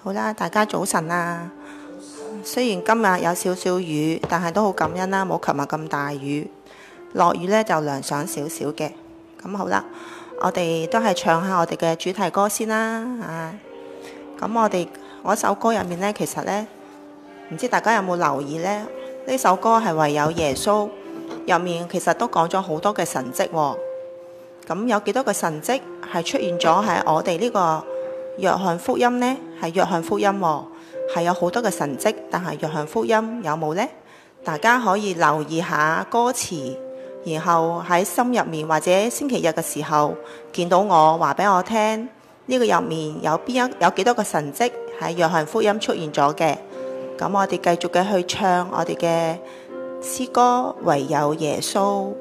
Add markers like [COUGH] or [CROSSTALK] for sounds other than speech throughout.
好啦，大家早晨啦、啊。雖然今日有少少雨，但係都好感恩啦、啊，冇琴日咁大雨。落雨呢就涼爽少少嘅。咁、嗯、好啦，我哋都係唱下我哋嘅主題歌先啦啊！咁、嗯、我哋嗰首歌入面呢，其實呢，唔知大家有冇留意呢？呢首歌係唯有耶穌入面，其實都講咗好多嘅神跡喎、哦。咁有幾多個神跡係出現咗喺我哋呢個約翰福音呢？係約翰福音、哦，係有好多嘅神蹟，但係約翰福音有冇呢？大家可以留意下歌詞，然後喺心入面，或者星期日嘅時候見到我話俾我聽，呢個入面有邊一有幾多個神蹟喺約翰福音出現咗嘅。咁我哋繼續嘅去唱我哋嘅詩歌，唯有耶穌。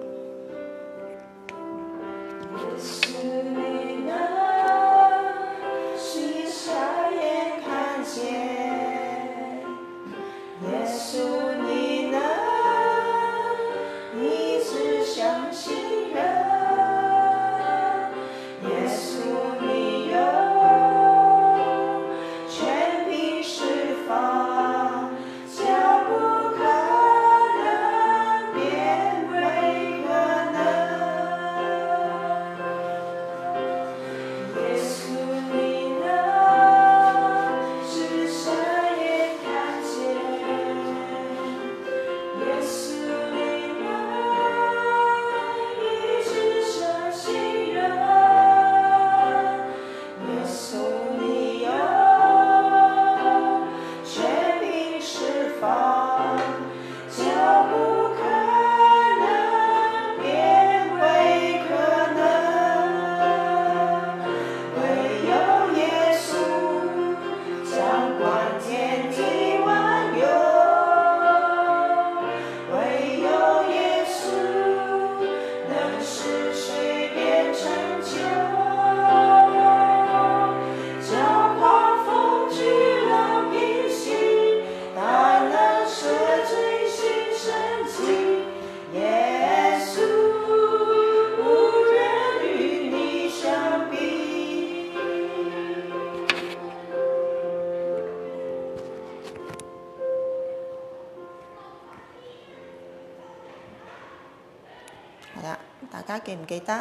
記唔記得？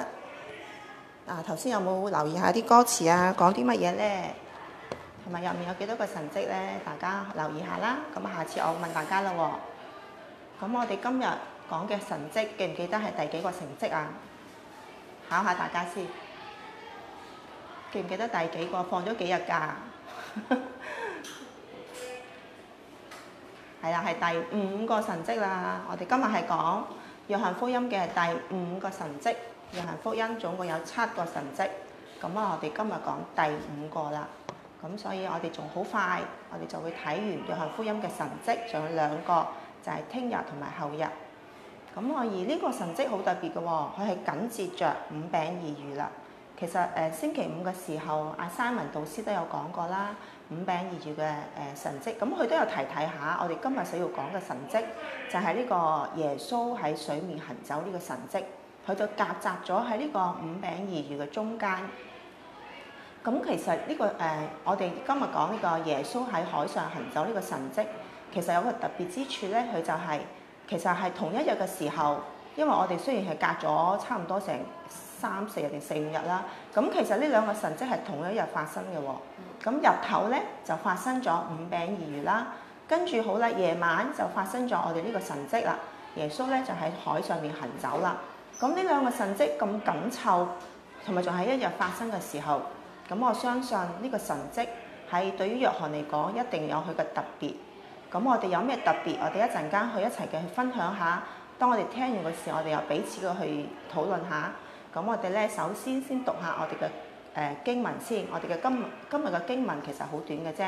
嗱、啊，頭先有冇留意下啲歌詞啊？講啲乜嘢咧？同埋入面有幾多個神蹟咧？大家留意下啦。咁下次我問大家啦喎。咁我哋今日講嘅神蹟，記唔記得係第幾個神蹟啊？考下大家先。記唔記得第幾個放幾？放咗幾日假？係啦，係第五個神蹟啦。我哋今日係講。約翰福音嘅第五個神蹟，約翰福音總共有七個神蹟，咁啊，我哋今日講第五個啦。咁所以我哋仲好快，我哋就會睇完約翰福音嘅神蹟，仲有兩個就係、是、聽日同埋後日。咁我而呢個神蹟好特別嘅喎，佢係緊接着五餅二魚啦。其實誒、呃，星期五嘅時候，阿、啊、Simon 導師都有講過啦。五餅二魚嘅誒神蹟，咁、嗯、佢都有提提下。我哋今日想要講嘅神迹，就係、是、呢個耶穌喺水面行走呢個神蹟，佢就夾雜咗喺呢個五餅二魚嘅中間。咁、嗯、其實呢、這個誒、呃，我哋今日講呢個耶穌喺海上行走呢個神蹟，其實有個特別之處咧，佢就係、是、其實係同一日嘅時候，因為我哋雖然係隔咗差唔多成三四日定四五日啦，咁、嗯、其實呢兩個神蹟係同一日發生嘅喎。咁日頭咧就發生咗五餅二魚啦，跟住好啦，夜晚就發生咗我哋呢個神跡啦。耶穌咧就喺海上面行走啦。咁呢兩個神跡咁緊湊，同埋仲喺一日發生嘅時候，咁、嗯、我相信呢個神跡係對於約翰嚟講一定有佢嘅特別。咁我哋有咩特別？我哋一陣間去一齊嘅去分享下。當我哋聽完嘅時候，我哋又彼此嘅去討論下。咁、嗯、我哋咧首先先讀下我哋嘅。誒經文先，我哋嘅今今日嘅經文其實好短嘅啫。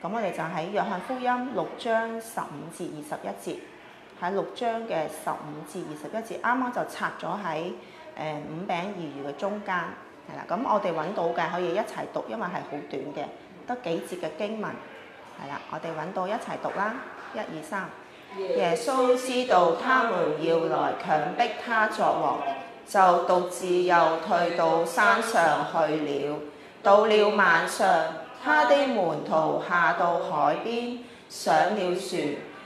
咁我哋就喺約翰福音六章十五至二十一節，喺六章嘅十五至二十一節，啱啱就插咗喺誒五餅二魚嘅中間，係啦。咁我哋揾到嘅可以一齊讀，因為係好短嘅，得幾節嘅經文，係啦。我哋揾到一齊讀啦，一、二、三。耶穌知道他們要來強逼他作王。就獨自又退到山上去了。到了晚上，他的門徒下到海邊，上了船，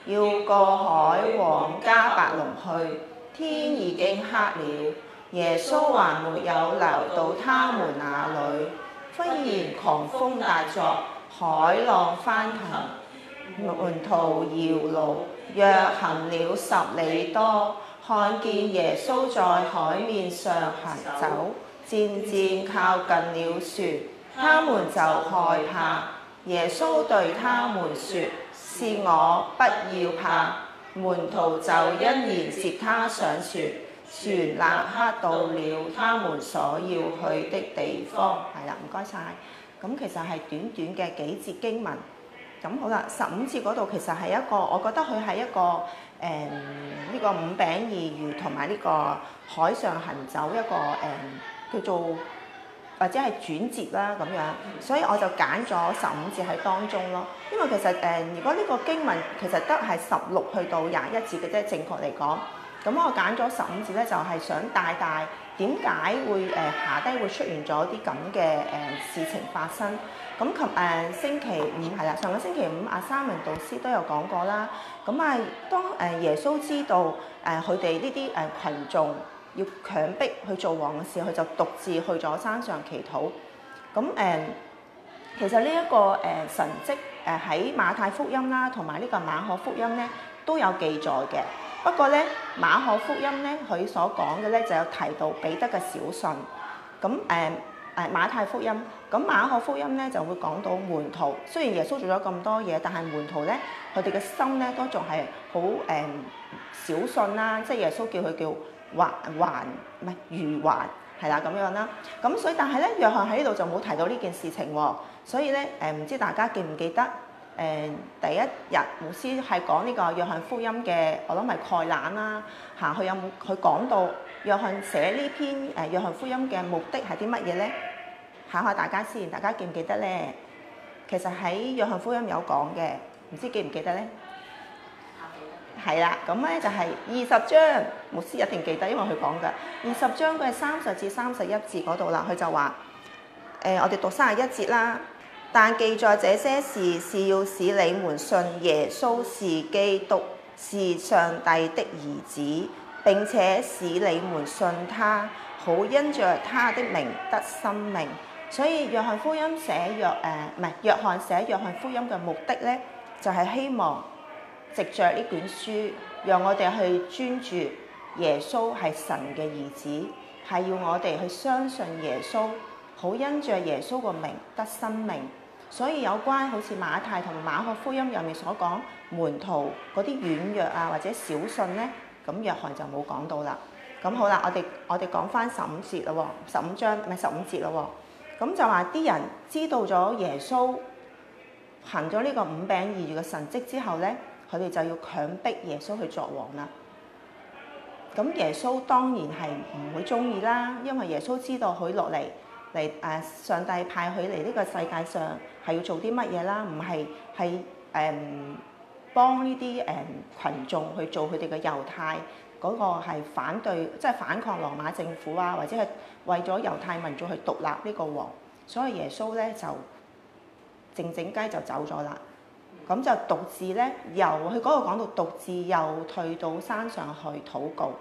要過海往迦百農去。天已經黑了，耶穌還沒有留到他們那裡。忽然狂風大作，海浪翻騰，門徒搖櫓，約行了十里多。看見耶穌在海面上行走，漸漸靠近了船，他們就害怕。耶穌對他們說：「是我，不要怕。」門徒就欣然接他上船。船立刻到了他們所要去的地方。係啦，唔該晒。咁其實係短短嘅幾節經文。咁好啦，十五節嗰度其實係一個，我覺得佢係一個誒。嗯呢個五餅二魚同埋呢個海上行走一個誒、呃、叫做或者係轉折啦咁樣，所以我就揀咗十五字喺當中咯。因為其實誒、呃，如果呢個經文其實得係十六去到廿一字嘅啫，正確嚟講，咁我揀咗十五字咧，就係、是、想帶大。點解會誒下低會出現咗啲咁嘅誒事情發生？咁琴誒星期五係啦，上個星期五阿三文導師都有講過啦。咁啊，當誒耶穌知道誒佢哋呢啲誒羣眾要強迫去做王嘅時候，佢就獨自去咗山上祈禱。咁誒，其實呢一個誒神蹟誒喺馬太福音啦，同埋呢個馬可福音咧都有記載嘅。不過咧，馬可福音咧，佢所講嘅咧就有提到彼得嘅小信。咁誒誒馬太福音，咁、嗯、馬可福音咧就會講到門徒。雖然耶穌做咗咁多嘢，但係門徒咧，佢哋嘅心咧都仲係好誒小信啦。即係耶穌叫佢叫還還唔係如還係啦咁樣啦。咁、嗯、所以但係咧，約翰喺呢度就冇提到呢件事情喎。所以咧誒，唔、嗯、知大家記唔記得？誒、呃、第一日牧師係講呢個約翰福音嘅，我諗係概覽啦嚇。佢、啊、有冇佢講到約翰寫呢篇誒約翰福音嘅目的係啲乜嘢咧？考下大家先，大家記唔記得咧？其實喺約翰福音有講嘅，唔知記唔記得咧？係啦，咁咧就係二十章，牧師一定記得，因為佢講嘅二十章佢係三十至三十一節嗰度啦。佢就話誒，我哋讀三十一節啦。但記載這些事是要使你們信耶穌是基督，是上帝的兒子；並且使你們信他，好因着他的名得生命。 [NOISE] 所以約翰福音寫約誒，唔係約翰寫約翰福音嘅目的咧，就係、是、希望藉着呢卷書，讓我哋去專注耶穌係神嘅兒子，係要我哋去相信耶穌，好因着耶穌個名得生命。所以有關好似馬太同馬可福音入面所講門徒嗰啲軟弱啊或者小信咧，咁約翰就冇講到啦。咁好啦，我哋我哋講返十五節咯，十五章咪十五節咯。咁就話啲人知道咗耶穌行咗呢個五餅二魚嘅神跡之後咧，佢哋就要強迫耶穌去作王啦。咁耶穌當然係唔會中意啦，因為耶穌知道佢落嚟。嚟誒，上帝派佢嚟呢個世界上係要做啲乜嘢啦？唔係係誒幫呢啲誒羣眾去做佢哋嘅猶太嗰個係反對，即係反抗羅馬政府啊，或者係為咗猶太民族去獨立呢個王。所以耶穌咧就靜靜雞就走咗啦。咁就獨自咧，由佢嗰個講到獨自又退到山上去禱告。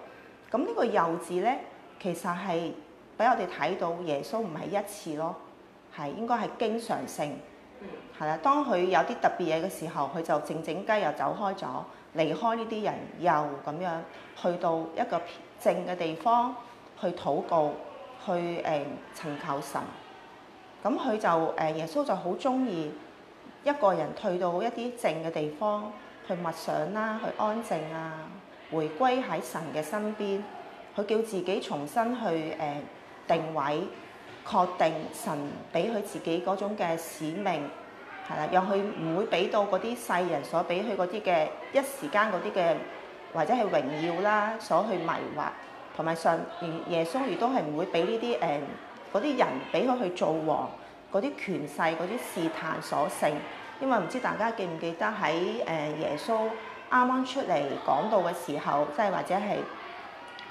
咁呢個獨自咧，其實係。俾我哋睇到耶穌唔係一次咯，係應該係經常性係啦。當佢有啲特別嘢嘅時候，佢就靜靜雞又走開咗，離開呢啲人，又咁樣去到一個靜嘅地方去禱告，去誒尋、呃、求神。咁、嗯、佢就誒、呃、耶穌就好中意一個人退到一啲靜嘅地方去默想啦，去安靜啊，回歸喺神嘅身邊，佢叫自己重新去誒。呃定位，確定神俾佢自己嗰種嘅使命，係啦，又佢唔會俾到嗰啲世人所俾佢嗰啲嘅一時間嗰啲嘅，或者係榮耀啦，所去迷惑，同埋上如耶穌亦都係唔會俾呢啲誒嗰啲人俾佢去做王嗰啲權勢嗰啲試探所勝。因為唔知大家記唔記得喺誒耶穌啱啱出嚟講到嘅時候，即係或者係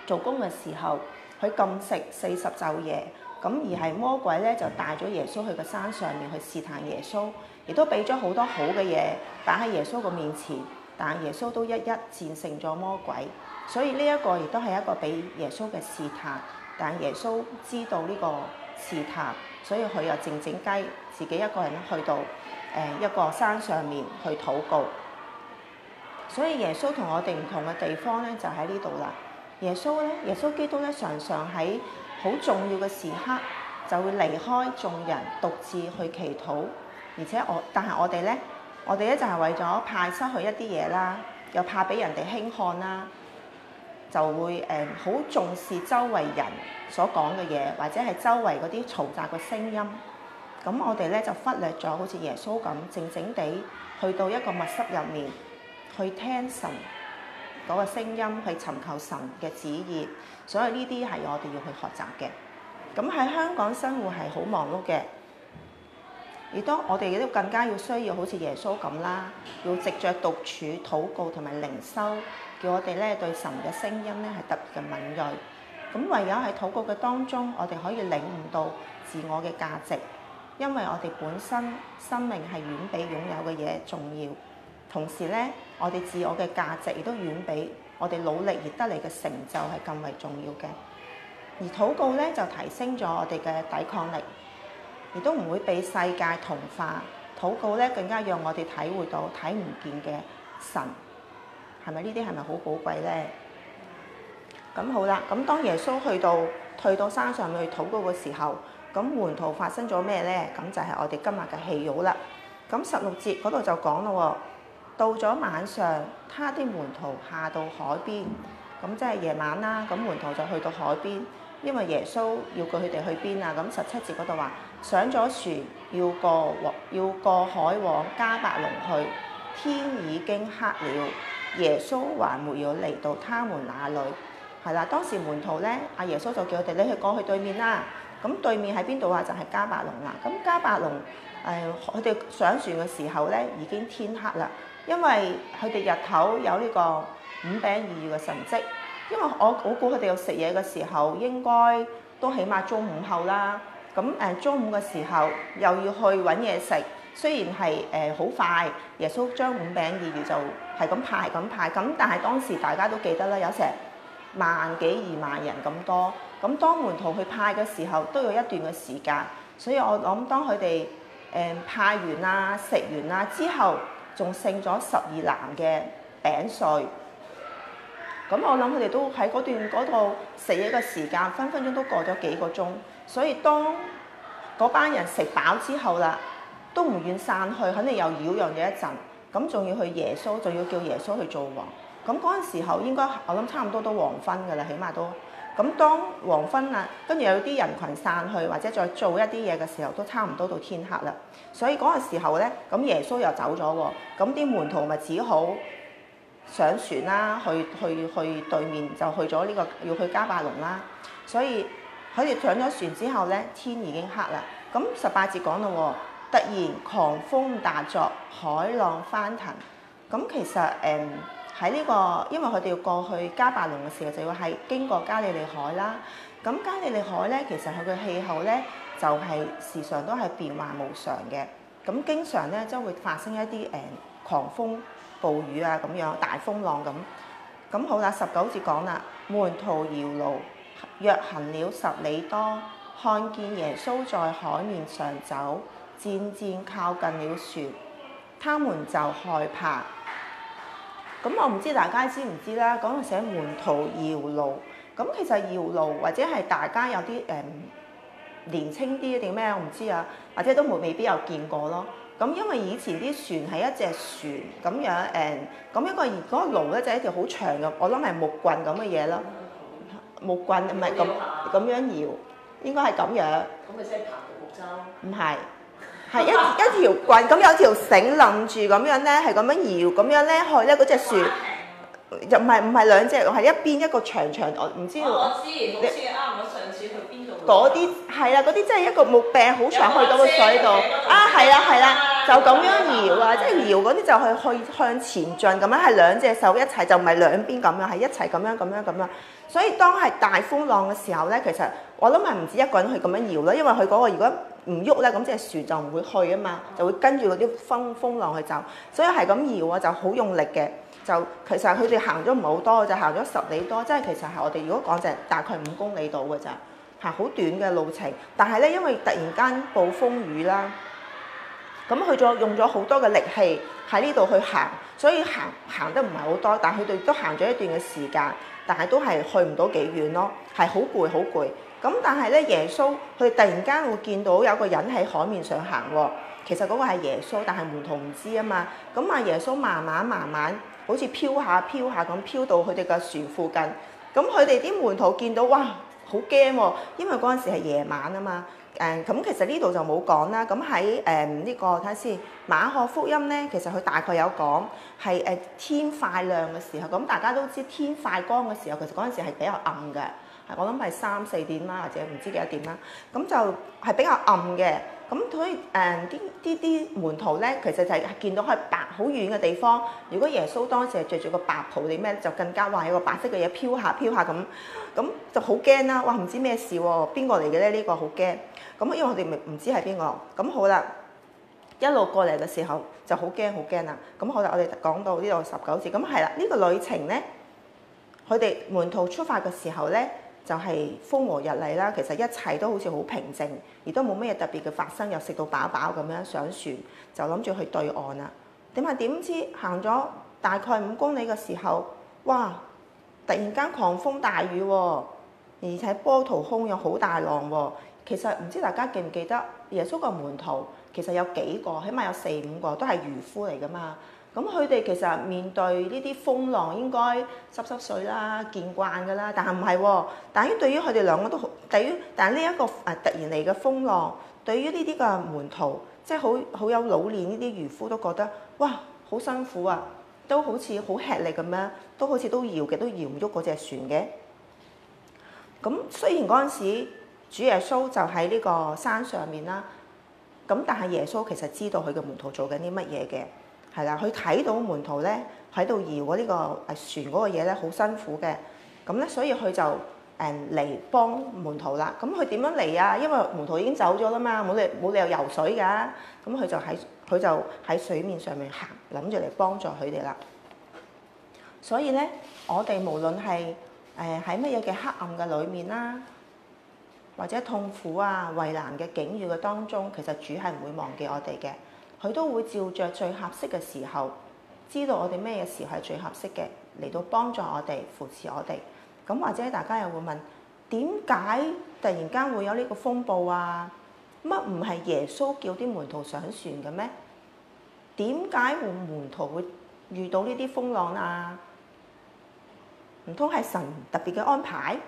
做工嘅時候。佢禁食四十晝夜，咁而係魔鬼咧就帶咗耶穌去個山上面去試探耶穌，亦都俾咗好多好嘅嘢擺喺耶穌個面前，但耶穌都一一戰勝咗魔鬼。所以呢一個亦都係一個俾耶穌嘅試探，但耶穌知道呢個試探，所以佢又靜靜雞自己一個人去到誒一個山上面去禱告。所以耶穌同我哋唔同嘅地方咧就喺呢度啦。耶穌咧，耶穌基督咧，常常喺好重要嘅時刻就會離開眾人，獨自去祈禱。而且我，但係我哋咧，我哋咧就係為咗怕失去一啲嘢啦，又怕俾人哋輕看啦，就會誒好重視周圍人所講嘅嘢，或者係周圍嗰啲嘈雜嘅聲音。咁我哋咧就忽略咗，好似耶穌咁靜靜地去到一個密室入面，去聽神嗰個聲音去尋求神嘅旨意，所以呢啲係我哋要去學習嘅。咁喺香港生活係好忙碌嘅，而當我哋亦都更加要需要好似耶穌咁啦，要藉着獨處、禱告同埋靈修，叫我哋咧對神嘅聲音咧係特別嘅敏鋭。咁唯有喺禱告嘅當中，我哋可以領悟到自我嘅價值，因為我哋本身生命係遠比擁有嘅嘢重要。同時咧。我哋自我嘅價值亦都遠比我哋努力而得嚟嘅成就係更為重要嘅。而禱告咧就提升咗我哋嘅抵抗力，亦都唔會被世界同化。禱告咧更加讓我哋體會到睇唔見嘅神，係咪呢啲係咪好寶貴咧？咁好啦，咁當耶穌去到退到山上去禱告嘅時候，咁門徒發生咗咩咧？咁就係我哋今日嘅戲肉啦。咁十六節嗰度就講咯喎。到咗晚上，他的門徒下到海邊，咁即係夜晚啦。咁門徒就去到海邊，因為耶穌要過佢哋去邊啊？咁十七節嗰度話：上咗船要過要過海往迦百農去。天已經黑了，耶穌還沒有嚟到他們那裡，係啦。當時門徒咧，阿耶穌就叫佢哋：你去過去對面啦。咁對面喺邊度啊？就係、是、迦百農啦。咁迦百農誒，佢、呃、哋上船嘅時候咧，已經天黑啦。因為佢哋日頭有呢個五餅二魚嘅神跡，因為我我估佢哋要食嘢嘅時候應該都起碼中午後啦。咁、嗯、誒中午嘅時候又要去搵嘢食，雖然係誒好快，耶穌將五餅二魚就係咁派係咁派咁，但係當時大家都記得啦，有成萬幾二萬人咁多。咁、嗯、當門徒去派嘅時候，都有一段嘅時間，所以我諗當佢哋誒派完啦、食完啦之後。仲剩咗十二籃嘅餅碎，咁我諗佢哋都喺嗰段嗰度食嘢嘅時間，分分鐘都過咗幾個鐘。所以當嗰班人食飽之後啦，都唔願散去，肯定又擾攘咗一陣。咁仲要去耶穌，仲要叫耶穌去做王。咁嗰陣時候應該我諗差唔多都黃昏㗎啦，起碼都。咁當黃昏啦，跟住有啲人群散去，或者再做一啲嘢嘅時候，都差唔多到天黑啦。所以嗰個時候咧，咁耶穌又走咗喎。咁啲門徒咪只好上船啦，去去去對面就去咗呢、呢個要去迦百農啦。所以佢哋上咗船之後咧，天已經黑啦。咁十八節講到喎，突然狂風大作，海浪翻騰。咁其實誒。嗯喺呢、這個，因為佢哋要過去迦百農嘅時候，就要係經過加利利海啦。咁加利利海咧，其實佢嘅氣候咧就係、是、時常都係變幻無常嘅。咁經常咧就會發生一啲誒、呃、狂風暴雨啊咁樣大風浪咁。咁好啦，十九節講啦，門徒搖櫓，約行了十里多，看見耶穌在海面上走，漸漸靠近了船，他們就害怕。咁我唔知大家知唔知啦，講到寫門徒搖櫓。咁其實搖櫓，或者係大家有啲誒年青啲定咩我唔知啊，或者都冇未必有見過咯。咁因為以前啲船係一隻船咁樣誒，咁一個而嗰櫓咧就一條好長嘅，我諗係木棍咁嘅嘢咯，木棍唔係咁咁樣搖，應該係咁樣。咁咪即係爬過木舟？唔係。係一一條棍，咁有條繩諗住咁樣咧，係咁樣搖，咁樣咧去咧嗰隻樹，又唔係唔係兩隻，係一邊一個長長，我唔知道。我知，好似啱我上次去邊度。嗰啲係啦，嗰啲真係一個木柄好長，去到個水度。啊，係啦係啦，就咁樣搖啊，即係搖嗰啲就係去向前進咁樣，係兩隻手一齊，就唔係兩邊咁樣，係一齊咁樣咁樣咁樣。所以當係大風浪嘅時候咧，其實我諗係唔止一個人去咁樣搖囉，因為佢嗰個如果。唔喐咧，咁隻船就唔會去啊嘛，就會跟住嗰啲風風浪去走，所以係咁搖啊，就好用力嘅。就其實佢哋行咗唔係好多，就行咗十里多，即係其實係我哋如果講就大概五公里度嘅咋，係好短嘅路程。但係咧，因為突然間暴風雨啦，咁佢再用咗好多嘅力氣喺呢度去行，所以行行得唔係好多，但係佢哋都行咗一段嘅時間，但係都係去唔到幾遠咯，係好攰好攰。咁但係咧，耶穌佢突然間會見到有個人喺海面上行喎。其實嗰個係耶穌，但係門徒唔知啊嘛。咁啊，耶穌慢慢慢慢，好似飄下飄下咁，飄到佢哋嘅船附近。咁佢哋啲門徒見到哇，好驚喎，因為嗰陣時係夜晚啊嘛。誒，咁其實呢度就冇講啦。咁喺誒呢個睇下先，馬可福音咧，其實佢、嗯呃這個、大概有講係誒天快亮嘅時候。咁大家都知天快光嘅時候，其實嗰陣時係比較暗嘅。我諗係三四點啦，或者唔知幾多點啦。咁就係比較暗嘅，咁佢誒啲啲啲門徒咧，其實就係見到係白好遠嘅地方。如果耶穌當時係着住個白袍你咩就更加話有個白色嘅嘢飄下飄下咁。咁就好驚啦！哇，唔知咩事喎，啊？邊個嚟嘅咧？呢個好驚。咁因為我哋唔知係邊個。咁好啦，一路過嚟嘅時候就好驚好驚啦。咁好啦，我哋講到呢度十九節。咁係啦，呢個旅程咧，佢哋門徒出發嘅時候咧，就係風和日麗啦，其實一切都好似好平靜，亦都冇咩特別嘅發生。又食到飽飽咁樣上船，就諗住去對岸啦。點係點知行咗大概五公里嘅時候，哇！突然間狂風大雨喎，而且波濤洶湧，好大浪喎。其實唔知大家記唔記得耶穌個門徒其實有幾個，起碼有四五個都係漁夫嚟㗎嘛。咁佢哋其實面對呢啲風浪，應該濕濕碎啦，見慣㗎啦。但係唔係喎？但對於對佢哋兩個都好，對於但係呢一個誒突然嚟嘅風浪，對於呢啲嘅門徒，即係好好有老練呢啲漁夫，都覺得哇，好辛苦啊，都好似好吃力咁樣，都好似都搖嘅，都搖唔喐嗰隻船嘅。咁雖然嗰陣時主耶穌就喺呢個山上面啦，咁但係耶穌其實知道佢嘅門徒做緊啲乜嘢嘅。係啦，佢睇到門徒咧喺度搖嗰呢個誒船嗰個嘢咧，好辛苦嘅。咁咧，所以佢就誒嚟幫門徒啦。咁佢點樣嚟啊？因為門徒已經走咗啦嘛，冇理冇理由游水㗎。咁佢就喺佢就喺水面上面行，諗住嚟幫助佢哋啦。所以咧，我哋無論係誒喺乜嘢嘅黑暗嘅裡面啦，或者痛苦啊、危難嘅境遇嘅當中，其實主係唔會忘記我哋嘅。佢都會照着最合適嘅時候，知道我哋咩嘢時候係最合適嘅，嚟到幫助我哋、扶持我哋。咁或者大家又會問：點解突然間會有呢個風暴啊？乜唔係耶穌叫啲門徒上船嘅咩？點解會門徒會遇到呢啲風浪啊？唔通係神特別嘅安排？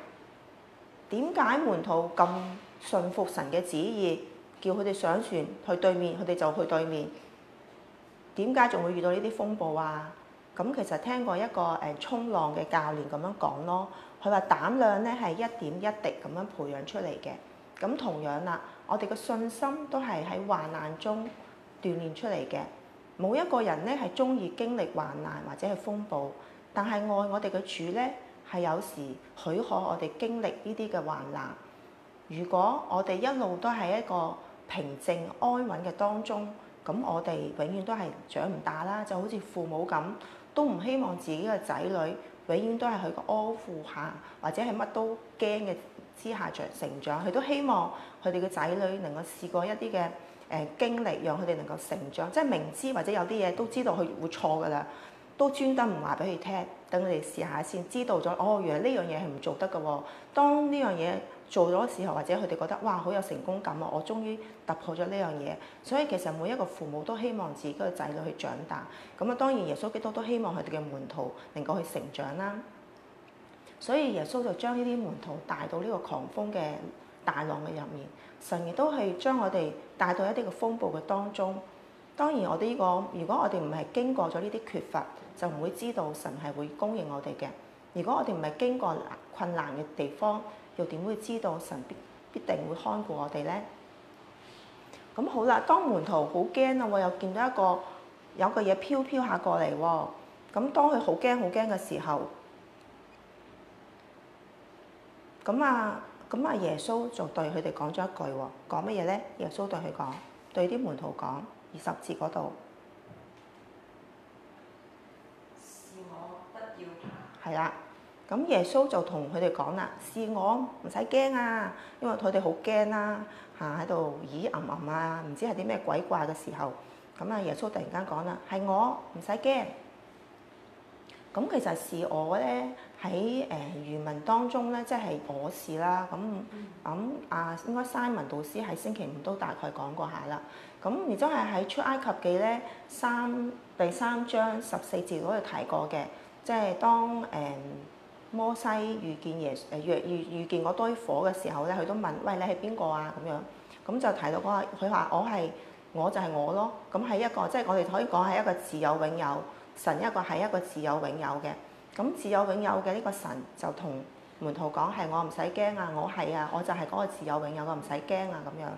點解門徒咁信服神嘅旨意？叫佢哋上船去對面，佢哋就去對面。點解仲會遇到呢啲風暴啊？咁其實聽過一個誒衝浪嘅教練咁樣講咯，佢話膽量咧係一點一滴咁樣培養出嚟嘅。咁同樣啦，我哋嘅信心都係喺患難中鍛鍊出嚟嘅。冇一個人咧係鍾意經歷患難或者係風暴，但係愛我哋嘅主咧係有時許可我哋經歷呢啲嘅患難。如果我哋一路都係一個平靜安穩嘅當中，咁我哋永遠都係長唔大啦，就好似父母咁，都唔希望自己嘅仔女永遠都係喺個安富下，或者係乜都驚嘅之下長成長。佢都希望佢哋嘅仔女能夠試過一啲嘅誒經歷，讓佢哋能夠成長。即係明知或者有啲嘢都知道佢會錯㗎啦。都專登唔話俾佢聽，等佢哋試下先，知道咗哦，原來呢樣嘢係唔做得㗎。當呢樣嘢做咗嘅時候，或者佢哋覺得哇，好有成功感啊！我終於突破咗呢樣嘢。所以其實每一個父母都希望自己嘅仔女去長大。咁啊，當然耶穌基督都希望佢哋嘅門徒能夠去成長啦。所以耶穌就將呢啲門徒帶到呢個狂風嘅大浪嘅入面，神亦都係將我哋帶到一啲嘅風暴嘅當中。當然，我哋呢個，如果我哋唔係經過咗呢啲缺乏，就唔會知道神係會供應我哋嘅。如果我哋唔係經過困難嘅地方，又點會知道神必必定會看顧我哋咧？咁好啦，當門徒好驚啊！喎，又見到一個有個嘢飄飄下過嚟喎。咁當佢好驚好驚嘅時候，咁啊咁啊，啊耶穌就對佢哋講咗一句喎，講乜嘢咧？耶穌對佢講，對啲門徒講。二十節嗰度，是我，不要怕，係啦。咁耶穌就同佢哋講啦：是我唔使驚啊，因為佢哋好驚啦，嚇喺度咦吟吟啊，唔、啊、知係啲咩鬼怪嘅時候。咁啊，耶穌突然間講啦：係我唔使驚。咁其實是我呢，我咧喺誒漁民當中咧，即係我是啦。咁咁啊，應該 Simon 導師喺星期五都大概講過下啦。咁而都係喺出埃及記咧三第三章十四節嗰度提過嘅，即係當誒、嗯、摩西遇見耶誒遇遇遇見嗰堆火嘅時候咧，佢都問：喂，你係邊個啊？咁樣咁就提到嗰個，佢話我係我就係我咯。咁係一個即係我哋可以講係一個自有永有神，一個係一個自有永有嘅。咁自有永有嘅呢個神就同門徒講：係我唔使驚啊，我係啊，我就係嗰個自有永有，我唔使驚啊咁樣。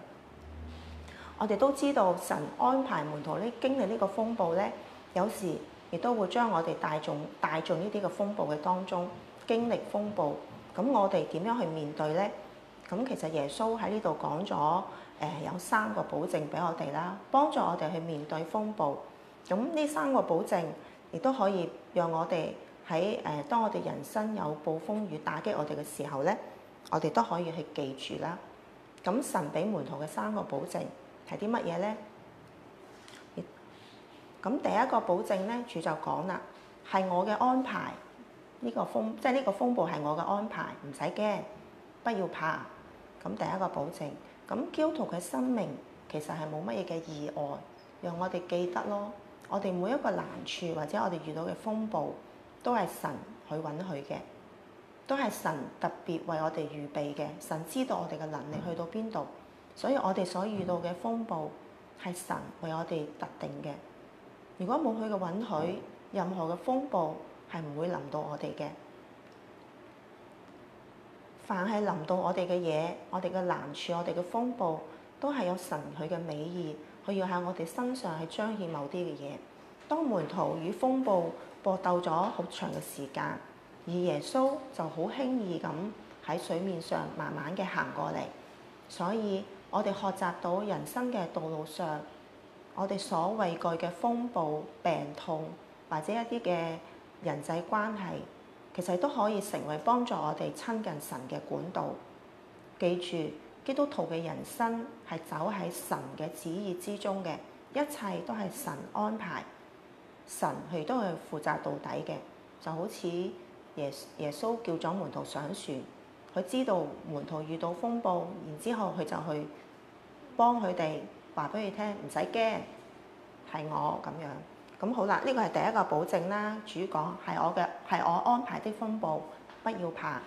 我哋都知道神安排門徒呢經歷呢個風暴咧，有時亦都會將我哋帶進帶進呢啲嘅風暴嘅當中，經歷風暴。咁我哋點樣去面對咧？咁其實耶穌喺呢度講咗誒有三個保證俾我哋啦，幫助我哋去面對風暴。咁呢三個保證亦都可以讓我哋喺誒當我哋人生有暴風雨打擊我哋嘅時候咧，我哋都可以去記住啦。咁神俾門徒嘅三個保證。係啲乜嘢咧？咁第一個保證咧，主就講啦，係我嘅安排，呢個風即係呢個風暴係我嘅安排，唔使驚，不要怕。咁第一個保證。咁基督徒嘅生命其實係冇乜嘢嘅意外，讓我哋記得咯。我哋每一個難處或者我哋遇到嘅風暴，都係神去允許嘅，都係神特別為我哋預備嘅。神知道我哋嘅能力去到邊度。所以我哋所遇到嘅風暴係神為我哋特定嘅。如果冇佢嘅允許，任何嘅風暴係唔會臨到我哋嘅。凡係臨到我哋嘅嘢，我哋嘅難處，我哋嘅風暴，都係有神佢嘅美意，佢要喺我哋身上去彰顯某啲嘅嘢。當門徒與風暴搏鬥咗好長嘅時間，而耶穌就好輕易咁喺水面上慢慢嘅行過嚟，所以，我哋學習到人生嘅道路上，我哋所畏懼嘅風暴、病痛或者一啲嘅人際關係，其實都可以成為幫助我哋親近神嘅管道。記住，基督徒嘅人生係走喺神嘅旨意之中嘅，一切都係神安排，神亦都係負責到底嘅。就好似耶耶穌叫咗門徒上船。佢知道門徒遇到風暴，然之後佢就去幫佢哋話俾佢聽，唔使驚，係我咁樣。咁好啦，呢個係第一個保證啦。主講係我嘅，係我安排啲風暴，不要怕。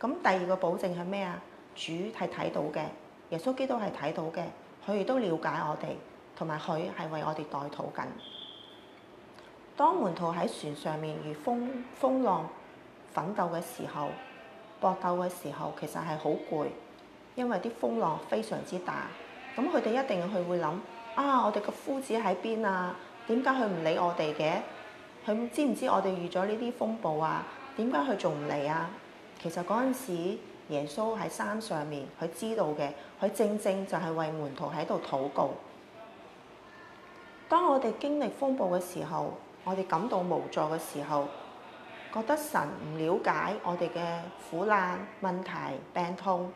咁第二個保證係咩啊？主係睇到嘅，耶穌基督係睇到嘅，佢亦都了解我哋，同埋佢係為我哋代禱緊。當門徒喺船上面如風風浪奮鬥嘅時候，搏鬥嘅時候其實係好攰，因為啲風浪非常之大。咁佢哋一定佢會諗：啊，我哋個夫子喺邊啊？點解佢唔理我哋嘅？佢知唔知我哋遇咗呢啲風暴啊？點解佢仲唔嚟啊？其實嗰陣時耶穌喺山上面，佢知道嘅，佢正正就係為門徒喺度禱告。當我哋經歷風暴嘅時候，我哋感到無助嘅時候，覺得神唔了解我哋嘅苦難、問題、病痛，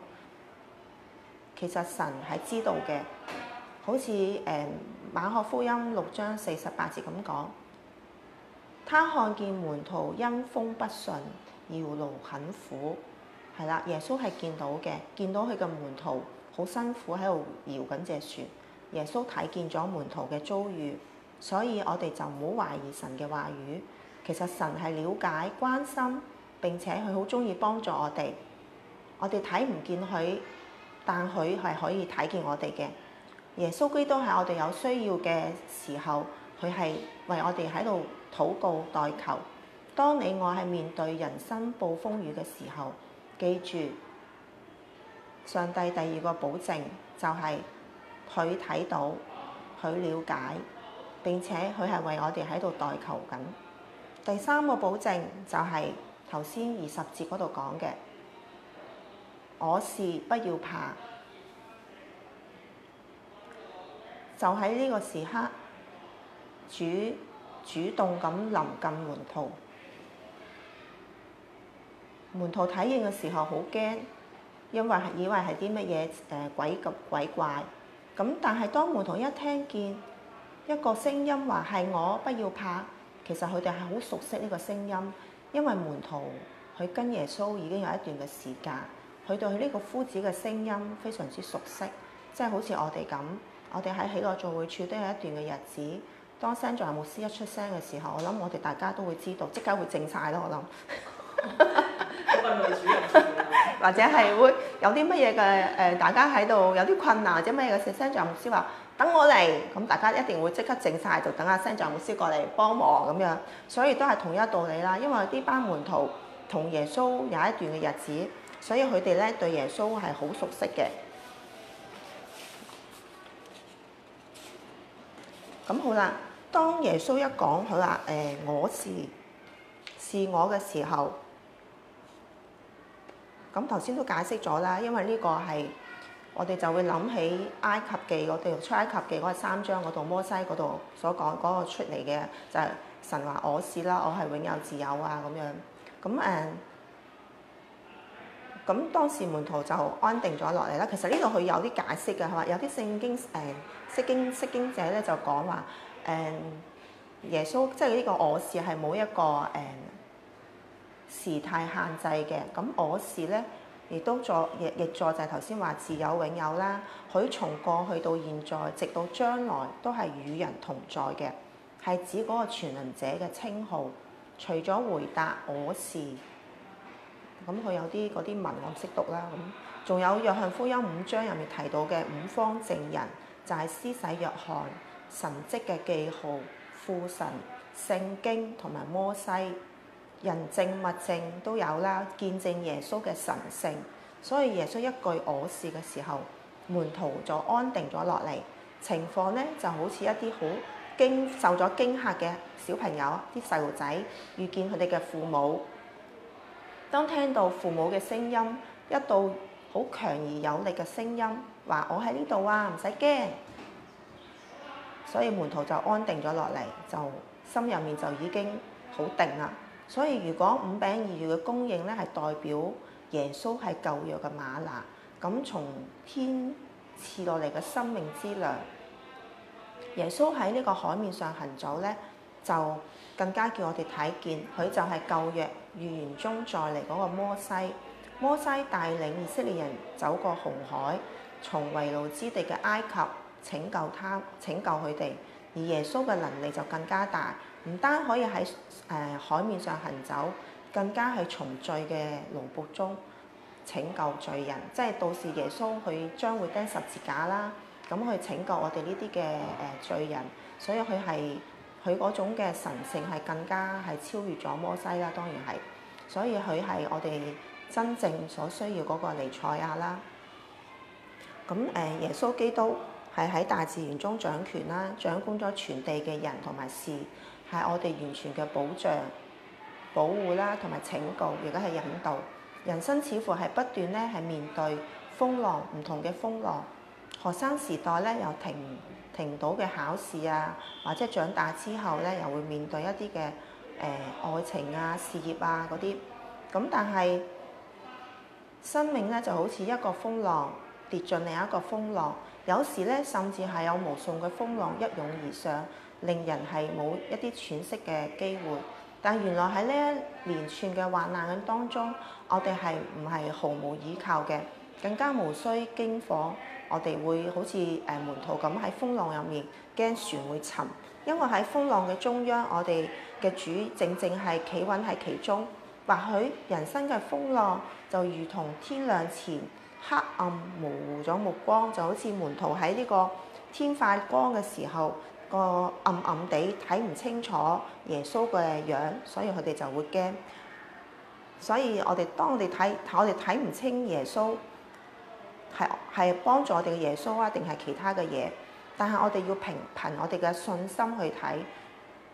其實神係知道嘅。好似誒、欸、馬可福音六章四十八節咁講，他看見門徒因風不順搖櫓很苦，係啦，耶穌係見到嘅，見到佢嘅門徒好辛苦喺度搖緊隻船。耶穌睇見咗門徒嘅遭遇，所以我哋就唔好懷疑神嘅話語。其實神係了解、關心，並且佢好中意幫助我哋。我哋睇唔見佢，但佢係可以睇見我哋嘅。耶穌基督喺我哋有需要嘅時候，佢係為我哋喺度禱告代求。當你我係面對人生暴風雨嘅時候，記住上帝第二個保證就係佢睇到、佢了解，並且佢係為我哋喺度代求緊。第三個保證就係頭先二十節嗰度講嘅，我是不要怕，就喺呢個時刻主主動咁臨近門徒，門徒體驗嘅時候好驚，因為係以為係啲乜嘢誒鬼及鬼怪，咁但係當門徒一聽見一個聲音話係我不要怕。其實佢哋係好熟悉呢個聲音，因為門徒佢跟耶穌已經有一段嘅時間，佢對佢呢個夫子嘅聲音非常之熟悉，即係好似我哋咁，我哋喺喜樂聚會處都有一段嘅日子。當聖在牧師一出聲嘅時候，我諗我哋大家都會知道，即刻會靜晒咯。我諗 [LAUGHS] [LAUGHS] 呃，或者係會有啲乜嘢嘅誒，大家喺度有啲困難或者乜嘢嘅時候，聖在牧師話。等我嚟，咁大家一定會即刻靜晒，就等阿聖像老師過嚟幫忙。咁樣。所以都係同一道理啦，因為啲班門徒同耶穌有一段嘅日子，所以佢哋咧對耶穌係好熟悉嘅。咁好啦，當耶穌一講佢話誒我是是我嘅時候，咁頭先都解釋咗啦，因為呢個係。我哋就會諗起《埃及記》嗰度，《出埃及記》嗰三章嗰度，摩西嗰度所講嗰、那個出嚟嘅就係、是、神話我是啦，我係永有自由啊咁樣。咁誒，咁、呃、當時門徒就安定咗落嚟啦。其實呢度佢有啲解釋嘅，話有啲聖經誒釋經釋經者咧就講話誒耶穌即係呢個我是係冇一個誒時態限制嘅。咁我是咧。亦都助亦逆助就係頭先話自有永有啦，佢從過去到現在，直到將來都係與人同在嘅，係指嗰個全能者嘅稱號。除咗回答我是，咁佢有啲嗰啲文我唔識讀啦。咁仲有約翰福音五章入面提到嘅五方證人，就係、是、施洗約翰、神蹟嘅記號、父神、聖經同埋摩西。人證物證都有啦，見證耶穌嘅神性，所以耶穌一句我是嘅時候，門徒就安定咗落嚟。情況咧就好似一啲好驚受咗驚嚇嘅小朋友，啲細路仔遇見佢哋嘅父母，當聽到父母嘅聲音，一道好強而有力嘅聲音，話我喺呢度啊，唔使驚。所以門徒就安定咗落嚟，就心入面就已經好定啦。所以如果五餅二魚嘅供應咧，係代表耶穌係舊約嘅嗎哪，咁，從天賜落嚟嘅生命之糧，耶穌喺呢個海面上行走咧，就更加叫我哋睇見佢就係舊約預言中再嚟嗰個摩西。摩西帶領以色列人走過紅海，從為奴之地嘅埃及。拯救他、拯救佢哋，而耶穌嘅能力就更加大，唔單可以喺誒海面上行走，更加去從罪嘅奴僕中拯救罪人，即係到時耶穌佢將會釘十字架啦，咁去拯救我哋呢啲嘅誒罪人，所以佢係，佢嗰種嘅神性係更加係超越咗摩西啦，當然係，所以佢係我哋真正所需要嗰個尼賽亞啦。咁誒耶穌基督。係喺大自然中掌權啦，掌管咗全地嘅人同埋事，係我哋完全嘅保障、保護啦，同埋警告，亦都係引導。人生似乎係不斷咧，係面對風浪，唔同嘅風浪。學生時代咧又停停唔到嘅考試啊，或者長大之後咧又會面對一啲嘅誒愛情啊、事業啊嗰啲。咁但係生命咧就好似一個風浪跌進另一個風浪。有時咧，甚至係有無數嘅風浪一擁而上，令人係冇一啲喘息嘅機會。但原來喺呢一連串嘅患難嘅當中，我哋係唔係毫無依靠嘅？更加無需驚慌。我哋會好似誒門徒咁喺風浪入面驚船會沉，因為喺風浪嘅中央，我哋嘅主正正係企穩喺其中。或許人生嘅風浪就如同天亮前。黑暗模糊咗目光，就好似門徒喺呢個天快光嘅時候，個暗暗地睇唔清楚耶穌嘅樣，所以佢哋就會驚。所以我哋當我哋睇，我哋睇唔清耶穌係係幫助我哋嘅耶穌啊，定係其他嘅嘢？但係我哋要憑，憑我哋嘅信心去睇，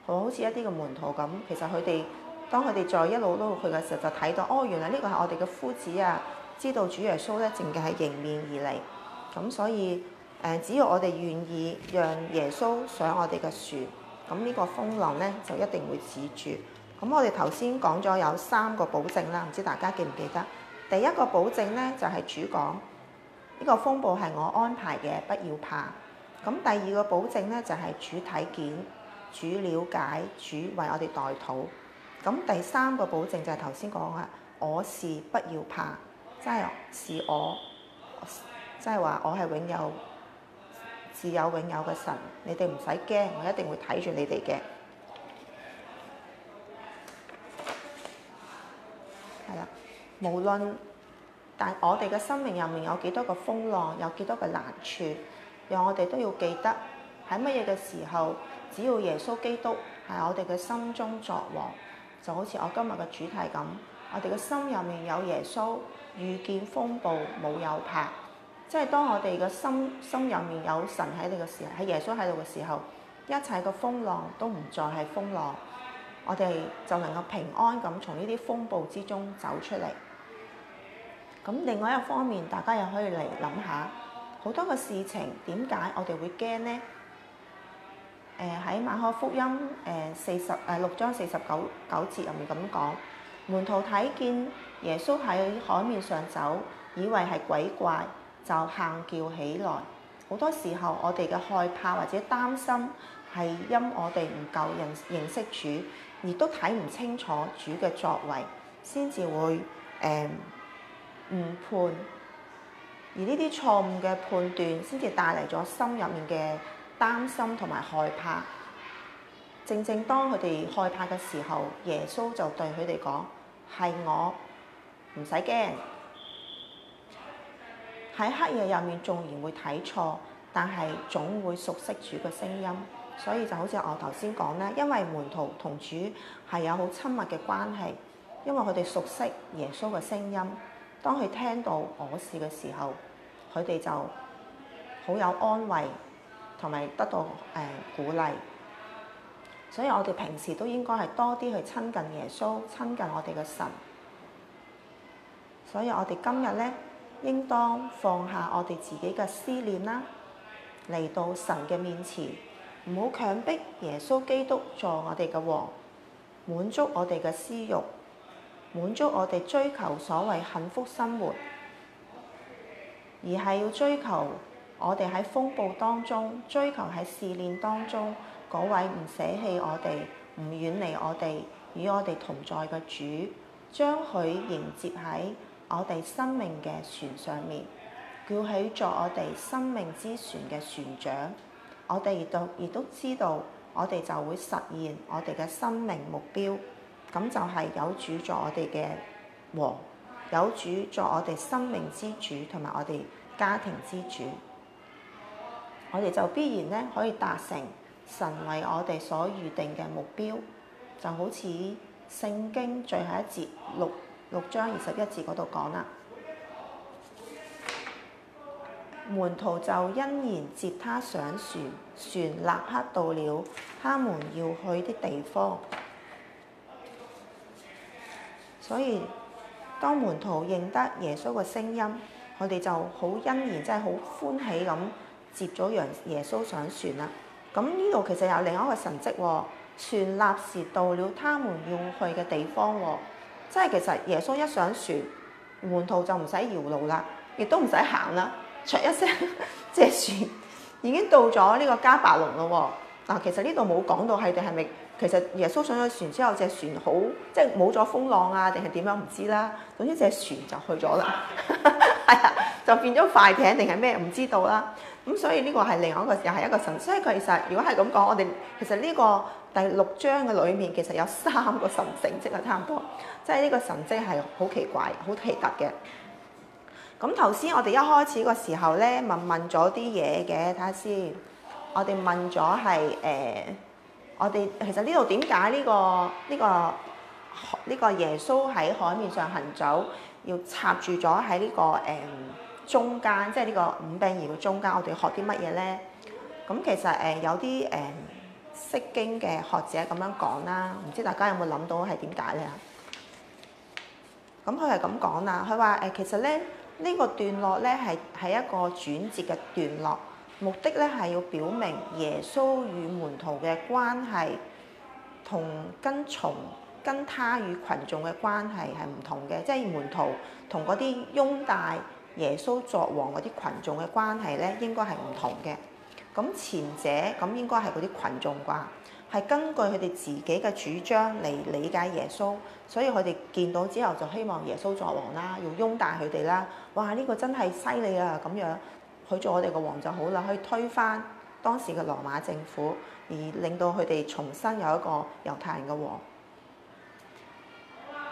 好似一啲嘅門徒咁，其實佢哋當佢哋再一路攞落去嘅時候，就睇到哦，原來呢個係我哋嘅夫子啊！知道主耶穌咧，淨係迎面而嚟咁，所以誒、呃，只要我哋願意讓耶穌上我哋嘅船，咁呢個風浪咧就一定會止住。咁我哋頭先講咗有三個保證啦，唔知大家記唔記得？第一個保證咧就係、是、主講呢、呢個風暴係我安排嘅，不要怕。咁第二個保證咧就係、是、主體見、主了解、主為我哋代禱。咁第三個保證就係頭先講啊，我是不要怕。即係我，即係話我係永有自有永有嘅神。你哋唔使驚，我一定會睇住你哋嘅係啦。無論但我哋嘅生命入面有幾多個風浪，有幾多個難處，讓我哋都要記得喺乜嘢嘅時候，只要耶穌基督喺我哋嘅心中作王，就好似我今日嘅主題咁。我哋嘅心入面有耶穌。遇見風暴冇有怕，即係當我哋嘅心心入面有神喺你嘅時候，喺耶穌喺度嘅時候，一切嘅風浪都唔再係風浪，我哋就能夠平安咁從呢啲風暴之中走出嚟。咁另外一方面，大家又可以嚟諗下，好多嘅事情點解我哋會驚呢？誒、呃、喺馬可福音誒四十誒六章四十九九節入面咁講。門徒睇見耶穌喺海面上走，以為係鬼怪，就喊叫起來。好多時候，我哋嘅害怕或者擔心，係因我哋唔夠認認識主，亦都睇唔清楚主嘅作為，先至會誒誤判。而呢啲錯誤嘅判斷，先至帶嚟咗心入面嘅擔心同埋害怕。正正當佢哋害怕嘅時候，耶穌就對佢哋講。係我，唔使驚，喺黑夜入面縱然會睇錯，但係總會熟悉主嘅聲音。所以就好似我頭先講啦，因為門徒同主係有好親密嘅關係，因為佢哋熟悉耶穌嘅聲音。當佢聽到我事嘅時候，佢哋就好有安慰，同埋得到誒、呃、鼓勵。所以我哋平時都應該係多啲去親近耶穌，親近我哋嘅神。所以我哋今日咧，應當放下我哋自己嘅思念啦，嚟到神嘅面前，唔好強迫耶穌基督做我哋嘅王，滿足我哋嘅私欲，滿足我哋追求所謂幸福生活，而係要追求我哋喺風暴當中，追求喺試煉當中，嗰位唔捨棄我哋，唔遠離我哋，與我哋同在嘅主，將佢迎接喺我哋生命嘅船上面，叫佢作我哋生命之船嘅船長。我哋亦都亦都知道，我哋就會實現我哋嘅生命目標。咁就係有主作我哋嘅王，有主作我哋生命之主，同埋我哋家庭之主，我哋就必然咧可以達成。神為我哋所預定嘅目標，就好似聖經最後一節六六章二十一節嗰度講啦。門徒就欣然接他上船，船立刻到了他們要去的地方。所以當門徒認得耶穌嘅聲音，佢哋就好欣然，真係好歡喜咁接咗楊耶穌上船啦。咁呢度其實有另一個神蹟喎、哦，船立時到了他們要去嘅地方喎、哦。即係其實耶穌一上船，門徒就唔使搖櫓啦，亦都唔使行啦，噠一聲，隻 [LAUGHS] 船已經到咗呢個迦百農啦。嗱，其實呢度冇講到係定係咪？其實耶穌上咗船之後，隻船好即係冇咗風浪啊，定係點樣唔知啦。總之隻船就去咗啦，係 [LAUGHS] 啊，就變咗快艇定係咩？唔知道啦。咁、嗯、所以呢個係另外一個，又係一個神。所以其實如果係咁講，我哋其實呢個第六章嘅裏面其實有三個神成跡啊，差唔多。即係呢個神跡係好奇怪、好奇特嘅。咁頭先我哋一開始個時候咧問問咗啲嘢嘅，睇下先。我哋問咗係誒，我哋其實呢度點解呢個呢、呢個呢、呢個呢個耶穌喺海面上行走，要插住咗喺呢個誒？呃中間即係呢個五餅二魚嘅中間，我哋學啲乜嘢咧？咁其實誒有啲誒釋經嘅學者咁樣講啦，唔知大家有冇諗到係點解咧？咁佢係咁講啦，佢話誒其實咧呢個段落咧係係一個轉折嘅段落，目的咧係要表明耶穌與門徒嘅關係同跟從跟，跟他與群眾嘅關係係唔同嘅，即係門徒同嗰啲擁戴。耶穌作王嗰啲群眾嘅關係咧，應該係唔同嘅。咁前者咁應該係嗰啲群眾啩，係根據佢哋自己嘅主張嚟理解耶穌，所以佢哋見到之後就希望耶穌作王啦，要擁戴佢哋啦。哇！呢個真係犀利啊！咁樣佢做我哋個王就好啦，可以推翻當時嘅羅馬政府，而令到佢哋重新有一個猶太人嘅王。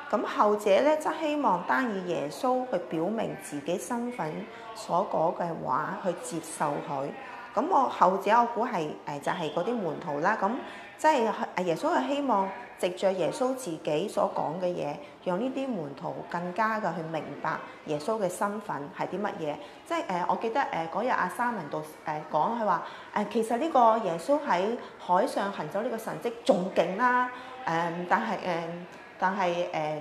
咁後者咧，則希望單以耶穌去表明自己身份所講嘅話去接受佢。咁我後者我，我估係誒就係嗰啲門徒啦。咁即係耶穌係希望藉着耶穌自己所講嘅嘢，讓呢啲門徒更加嘅去明白耶穌嘅身份係啲乜嘢。即係誒，我記得誒嗰日阿三文道誒講佢話誒，其實呢個耶穌喺海上行走呢個神蹟仲勁啦。誒，但係誒。嗯但係誒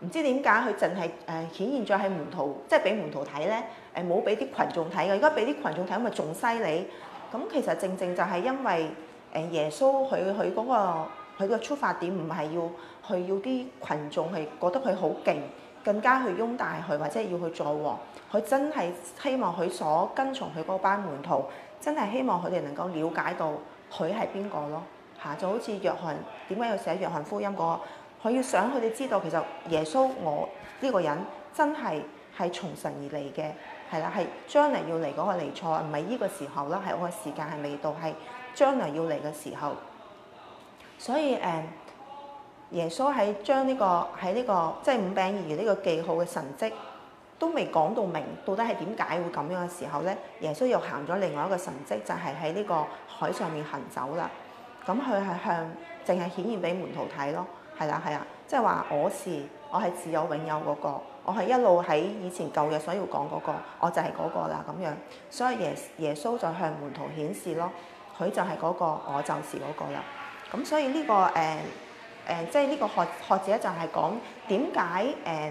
唔知點解佢淨係誒顯現咗喺門徒，即係俾門徒睇咧誒，冇俾啲群眾睇嘅。如果俾啲群眾睇，咪仲犀利。咁其實正正就係因為誒耶穌佢佢嗰個佢嘅出發點唔係要去要啲群眾係覺得佢好勁，更加去擁戴佢或者要去做王。佢真係希望佢所跟從佢嗰班門徒，真係希望佢哋能夠了解到佢係邊個咯嚇、啊、就好似約翰點解要寫約翰福音嗰個？佢要想佢哋知道，其實耶穌我呢個人真係係從神而嚟嘅，係啦，係將嚟要嚟嗰個彌賽亞，唔係呢個時候啦，係我嘅時間係未到，係將嚟要嚟嘅時候。所以誒，耶穌喺將呢個喺呢個即係五餅二魚呢個記號嘅神跡都未講到明，到底係點解會咁樣嘅時候咧？耶穌又行咗另外一個神跡，就係喺呢個海上面行走啦。咁佢係向淨係顯現俾門徒睇咯。係啦，係啊，即係話我是我係自有永有嗰、嗰個，我係一路喺以前舊約，所以要講嗰個，我就係嗰個啦咁樣。所以耶耶穌就向門徒顯示咯，佢就係嗰個，我就是嗰個啦。咁、嗯、所以呢、呢個誒誒，即係呢個學學者就係講點解誒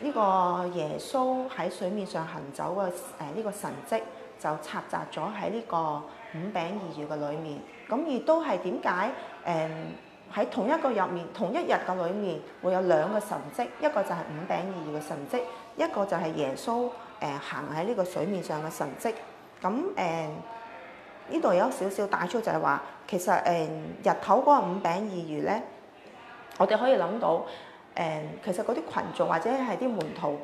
呢個耶穌喺水面上行走嘅誒呢個神跡就插雜咗喺呢個五餅二魚嘅裏面，咁、嗯、亦都係點解誒？嗯喺同一個入面，同一日嘅裏面，會有兩個神蹟，一個就係五餅二魚嘅神蹟，一個就係耶穌誒行喺呢個水面上嘅神蹟。咁誒呢度有少少帶出就係話，其實誒、呃、日頭嗰個五餅二魚咧，我哋可以諗到誒、呃，其實嗰啲群眾或者係啲門徒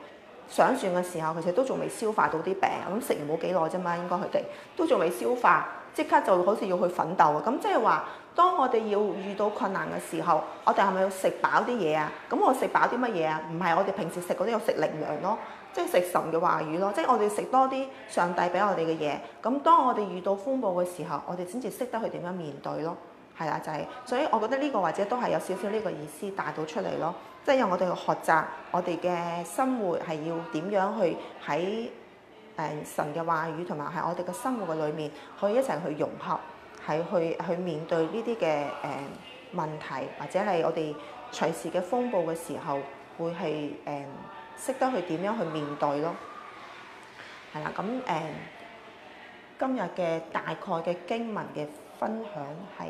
上船嘅時候，其實都仲未消化到啲餅。我諗食完冇幾耐啫嘛，應該佢哋都仲未消化。即刻就好似要去奮鬥啊！咁即係話，當我哋要遇到困難嘅時候，我哋係咪要食飽啲嘢啊？咁我食飽啲乜嘢啊？唔係我哋平時食嗰啲，要食靈糧咯，即係食神嘅話語咯，即係我哋食多啲上帝俾我哋嘅嘢。咁當我哋遇到風暴嘅時候，我哋先至識得去點樣面對咯。係啦，就係、是，所以我覺得呢個或者都係有少少呢個意思帶到出嚟咯。即係我哋要學習，我哋嘅生活係要點樣去喺。誒，神嘅話語同埋喺我哋嘅生活嘅裏面，可以一齊去融合，係去去面對呢啲嘅誒問題，或者係我哋隨時嘅風暴嘅時候，會係誒識得去點樣去面對咯。係啦，咁誒、嗯、今日嘅大概嘅經文嘅分享係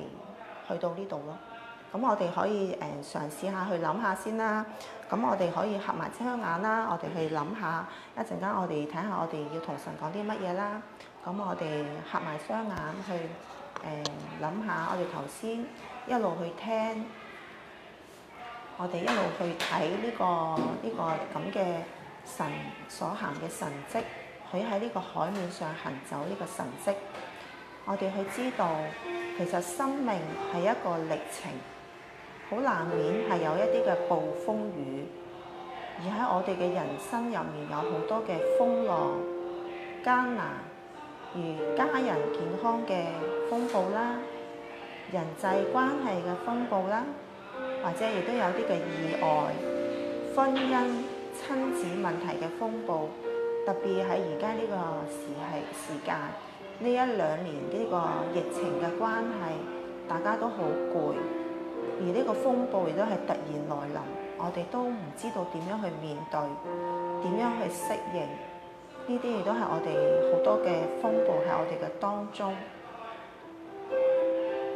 去到呢度咯。咁我哋可以誒、嗯、嘗試下去諗下先啦。咁我哋可以合埋雙眼啦，我哋去諗下，一陣間我哋睇下我哋要同神講啲乜嘢啦。咁我哋合埋雙眼去誒諗下，我哋頭先一路去聽，我哋一路去睇呢個呢個咁嘅神所行嘅神蹟，佢喺呢個海面上行走呢個神蹟，我哋去知道其實生命係一個歷程。好難免係有一啲嘅暴風雨，而喺我哋嘅人生入面有好多嘅風浪、艱難，如家人健康嘅風暴啦、人際關係嘅風暴啦，或者亦都有啲嘅意外、婚姻、親子問題嘅風暴。特別喺而家呢個時係時間，呢一兩年呢個疫情嘅關係，大家都好攰。而呢個風暴亦都係突然來臨，我哋都唔知道點樣去面對，點樣去適應，呢啲亦都係我哋好多嘅風暴喺我哋嘅當中。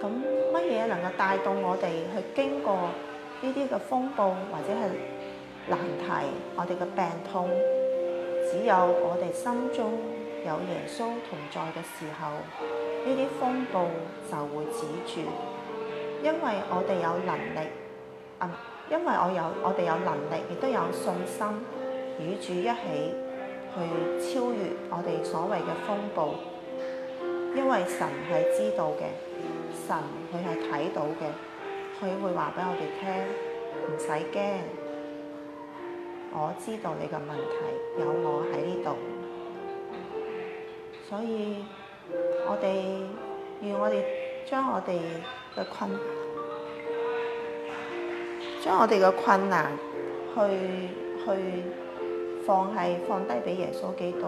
咁乜嘢能夠帶動我哋去經過呢啲嘅風暴或者係難題、我哋嘅病痛？只有我哋心中有耶穌同在嘅時候，呢啲風暴就會止住。因為我哋有能力，啊、嗯、因為我有我哋有能力，亦都有信心與主一起去超越我哋所謂嘅風暴。因為神係知道嘅，神佢係睇到嘅，佢會話俾我哋聽，唔使驚。我知道你嘅問題，有我喺呢度，所以我哋如我哋將我哋嘅困將我哋嘅困難去去放喺放低俾耶穌基督。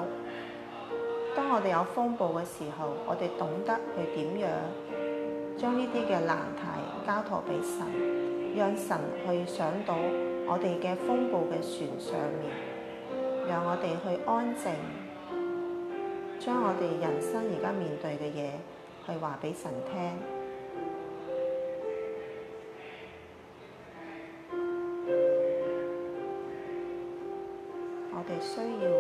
當我哋有風暴嘅時候，我哋懂得去點樣將呢啲嘅難題交托俾神，讓神去想到我哋嘅風暴嘅船上面，讓我哋去安靜，將我哋人生而家面對嘅嘢去話俾神聽。需要。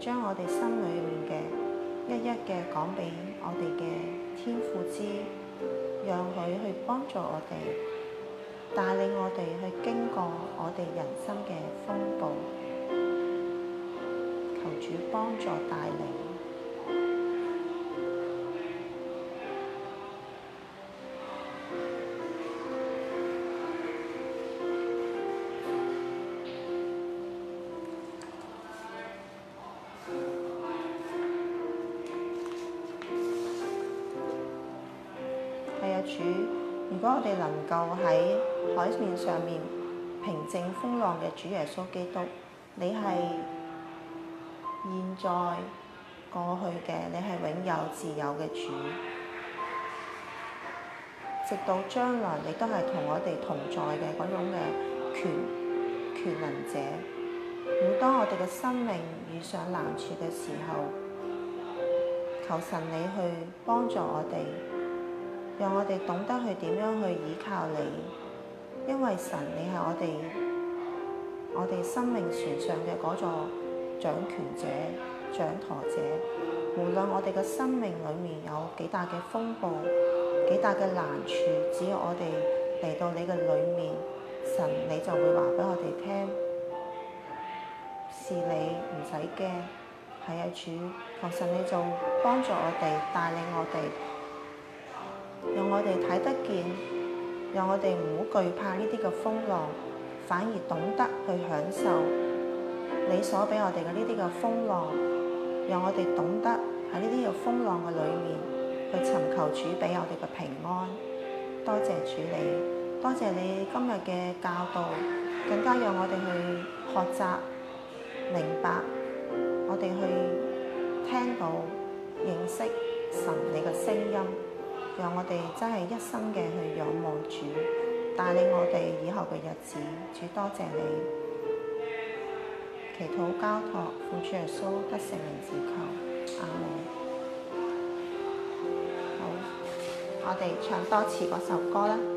將我哋心裏面嘅一一嘅講俾我哋嘅天父知，讓佢去幫助我哋，帶領我哋去經過我哋人生嘅風暴，求主幫助帶領。能夠喺海面上面平靜風浪嘅主耶穌基督，你係現在過去嘅，你係永有自有嘅主，直到將來你都係同我哋同在嘅嗰種嘅權權能者。咁當我哋嘅生命遇上難處嘅時候，求神你去幫助我哋。讓我哋懂得去點樣去依靠你，因為神，你係我哋我哋生命船上嘅嗰座掌權者、掌舵者。無論我哋嘅生命裏面有幾大嘅風暴、幾大嘅難處，只要我哋嚟到你嘅裏面，神你就會話俾我哋聽：是你唔使驚，係啊主，求神你就幫助我哋、帶領我哋。讓我哋睇得見，讓我哋唔好懼怕呢啲嘅風浪，反而懂得去享受你所俾我哋嘅呢啲嘅風浪，讓我哋懂得喺呢啲嘅風浪嘅裏面去尋求主俾我哋嘅平安。多謝主你，多謝你今日嘅教導，更加讓我哋去學習明白，我哋去聽到、認識神你嘅聲音。讓我哋真係一生嘅去仰望主，帶領我哋以後嘅日子，主多謝你。祈禱交託，奉主耶穌得勝名字求阿門。好，我哋唱多次嗰首歌啦。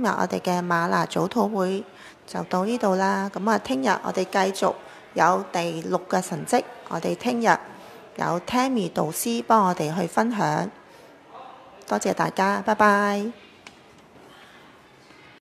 今日我哋嘅嗎哪早禱會就到呢度啦，咁、嗯、啊，聽日我哋繼續有第六個神蹟，我哋聽日有 Tammy 導師幫我哋去分享，多謝大家，拜拜。